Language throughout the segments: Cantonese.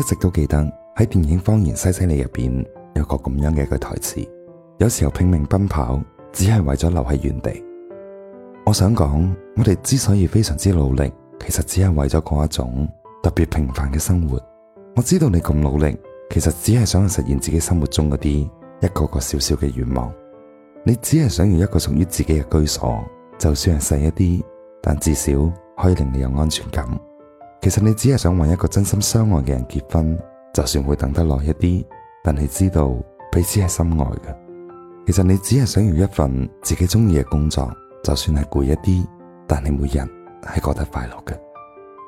一直都記得喺電影《謊言西西里》裏面入邊有個咁樣嘅一句台詞：有時候拼命奔跑，只係為咗留喺原地。我想講，我哋之所以非常之努力，其實只係為咗過一種特別平凡嘅生活。我知道你咁努力，其實只係想要實現自己生活中嗰啲一個個小小嘅願望。你只係想要一個屬於自己嘅居所，就算係細一啲，但至少可以令你有安全感。其實你只係想搵一個真心相愛嘅人結婚，就算會等得耐一啲，但你知道彼此係深愛嘅。其實你只係想要一份自己中意嘅工作，就算係攰一啲，但你每日係覺得快樂嘅。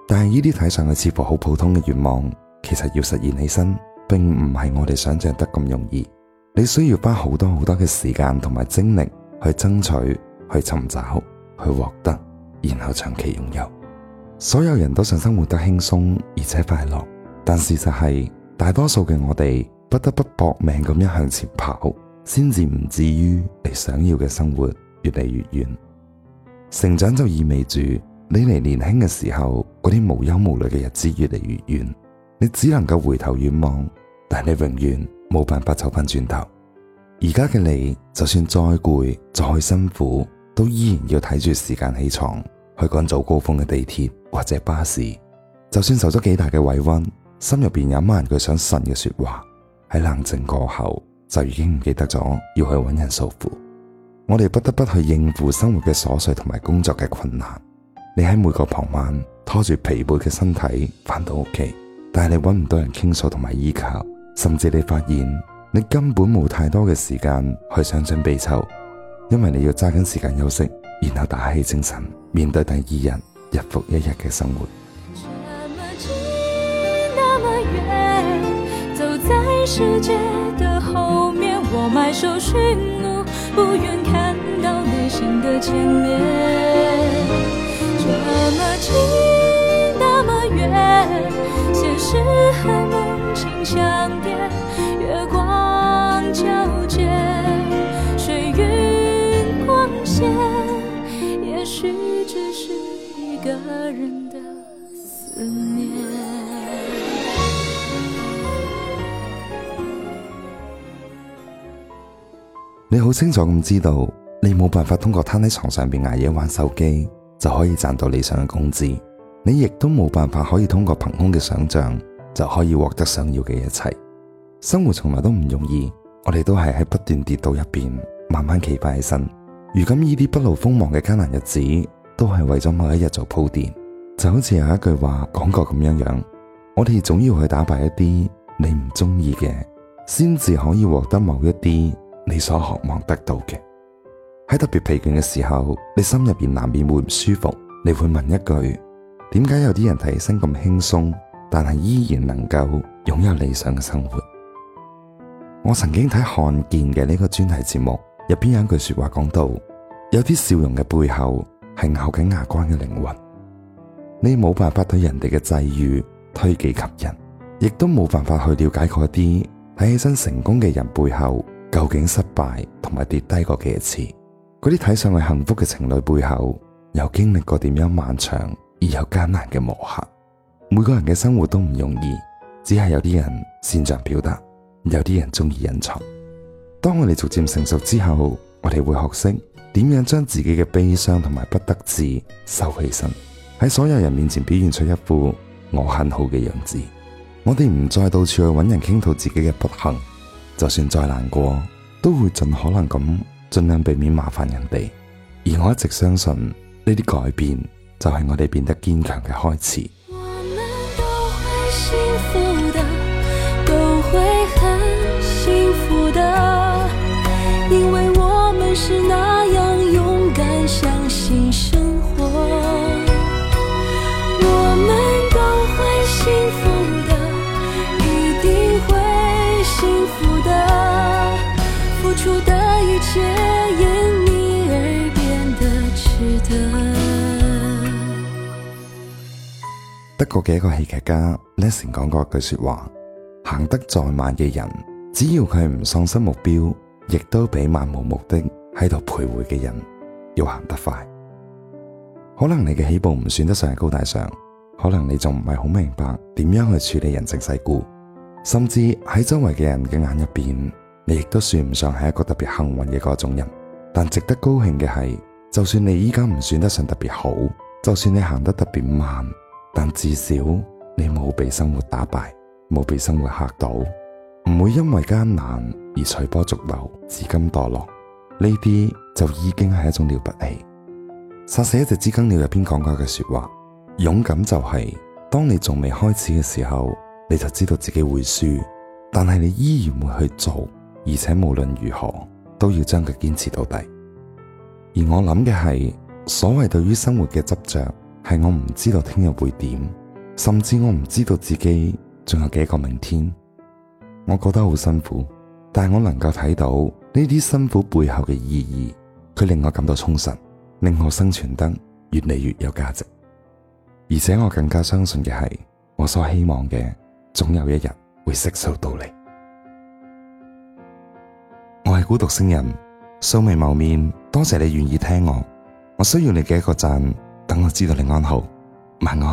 但係呢啲睇上去似乎好普通嘅願望，其實要實現起身，並唔係我哋想象得咁容易。你需要花好多好多嘅時間同埋精力去爭取、去尋找、去獲得，然後長期擁有。所有人都想生活得輕鬆而且快樂，但事實係大多數嘅我哋不得不搏命咁樣向前跑，先至唔至於離想要嘅生活越嚟越遠。成長就意味住你離年輕嘅時候嗰啲無憂無慮嘅日子越嚟越遠，你只能夠回頭遠望，但你永遠冇辦法走翻轉頭。而家嘅你，就算再攰再辛苦，都依然要睇住時間起床。去趕早高峰嘅地鐵或者巴士，就算受咗幾大嘅委屈，心入邊有一萬句想呻嘅說話，喺冷靜過後，就已經唔記得咗要去揾人訴苦。我哋不得不去應付生活嘅瑣碎同埋工作嘅困難。你喺每個傍晚拖住疲憊嘅身體返到屋企，但係你揾唔到人傾訴同埋依靠，甚至你發現你根本冇太多嘅時間去想想悲愁。因為你要抓緊時間休息，然後打起精神，面對第二日日復一日嘅生活。這麼近，那麼遠，走在世界的後面。我埋首尋路，不願看到你你好清楚咁知道，你冇辦法通過攤喺床上邊挨夜玩手機就可以賺到理想嘅工資，你亦都冇辦法可以通過憑空嘅想象就可以獲得想要嘅一切。生活從來都唔容易，我哋都係喺不斷跌倒入邊，慢慢企翻起身。如今呢啲不露鋒芒嘅艱難日子，都係為咗某一日做鋪墊。就好似有一句話講過咁樣樣，我哋總要去打敗一啲你唔中意嘅，先至可以獲得某一啲。你所渴望得到嘅，喺特別疲倦嘅時候，你心入邊難免會唔舒服。你會問一句：點解有啲人睇起身咁輕鬆，但係依然能夠擁有理想嘅生活？我曾經睇看見嘅呢個專題節目，入邊有一句話說話講到：有啲笑容嘅背後，係咬緊牙關嘅靈魂。你冇辦法對人哋嘅際遇推己及人，亦都冇辦法去了解嗰啲睇起身成功嘅人背後。究竟失敗同埋跌低過幾次？嗰啲睇上去幸福嘅情侶背後，又經歷過點樣漫長而又艱難嘅磨合？每個人嘅生活都唔容易，只係有啲人擅長表達，有啲人中意隱藏。當我哋逐漸成熟之後，我哋會學識點樣將自己嘅悲傷同埋不得志收起身，喺所有人面前表現出一副我很好嘅樣子。我哋唔再到處去揾人傾吐自己嘅不幸。就算再難過，都會盡可能咁盡量避免麻煩人哋。而我一直相信，呢啲改變就係我哋變得堅強嘅開始。個嘅一個戲劇家，lesson 講過一句說話：行得再慢嘅人，只要佢唔喪失目標，亦都比漫無目的喺度徘徊嘅人要行得快。可能你嘅起步唔算得上係高大上，可能你仲唔係好明白點樣去處理人情世故，甚至喺周圍嘅人嘅眼入邊，你亦都算唔上係一個特別幸運嘅嗰種人。但值得高興嘅係，就算你依家唔算得上特別好，就算你行得特別慢。但至少你冇被生活打敗，冇被生活嚇到，唔會因為艱難而隨波逐流、自甘墮落，呢啲就已經係一種了不起。殺死一隻知更鳥入邊講過嘅說話，勇敢就係、是、當你仲未開始嘅時候，你就知道自己會輸，但係你依然會去做，而且無論如何都要將佢堅持到底。而我諗嘅係，所謂對於生活嘅執着。係我唔知道聽日會點，甚至我唔知道自己仲有幾個明天。我覺得好辛苦，但係我能夠睇到呢啲辛苦背後嘅意義，佢令我感到充實，令我生存得越嚟越有價值。而且我更加相信嘅係，我所希望嘅總有一日會悉數到嚟。我係孤獨星人，素未謀面，多謝你願意聽我。我需要你嘅一個讚。等我知道你安好，晚安。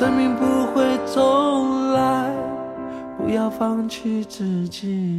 生命不會重來，不要放棄自己。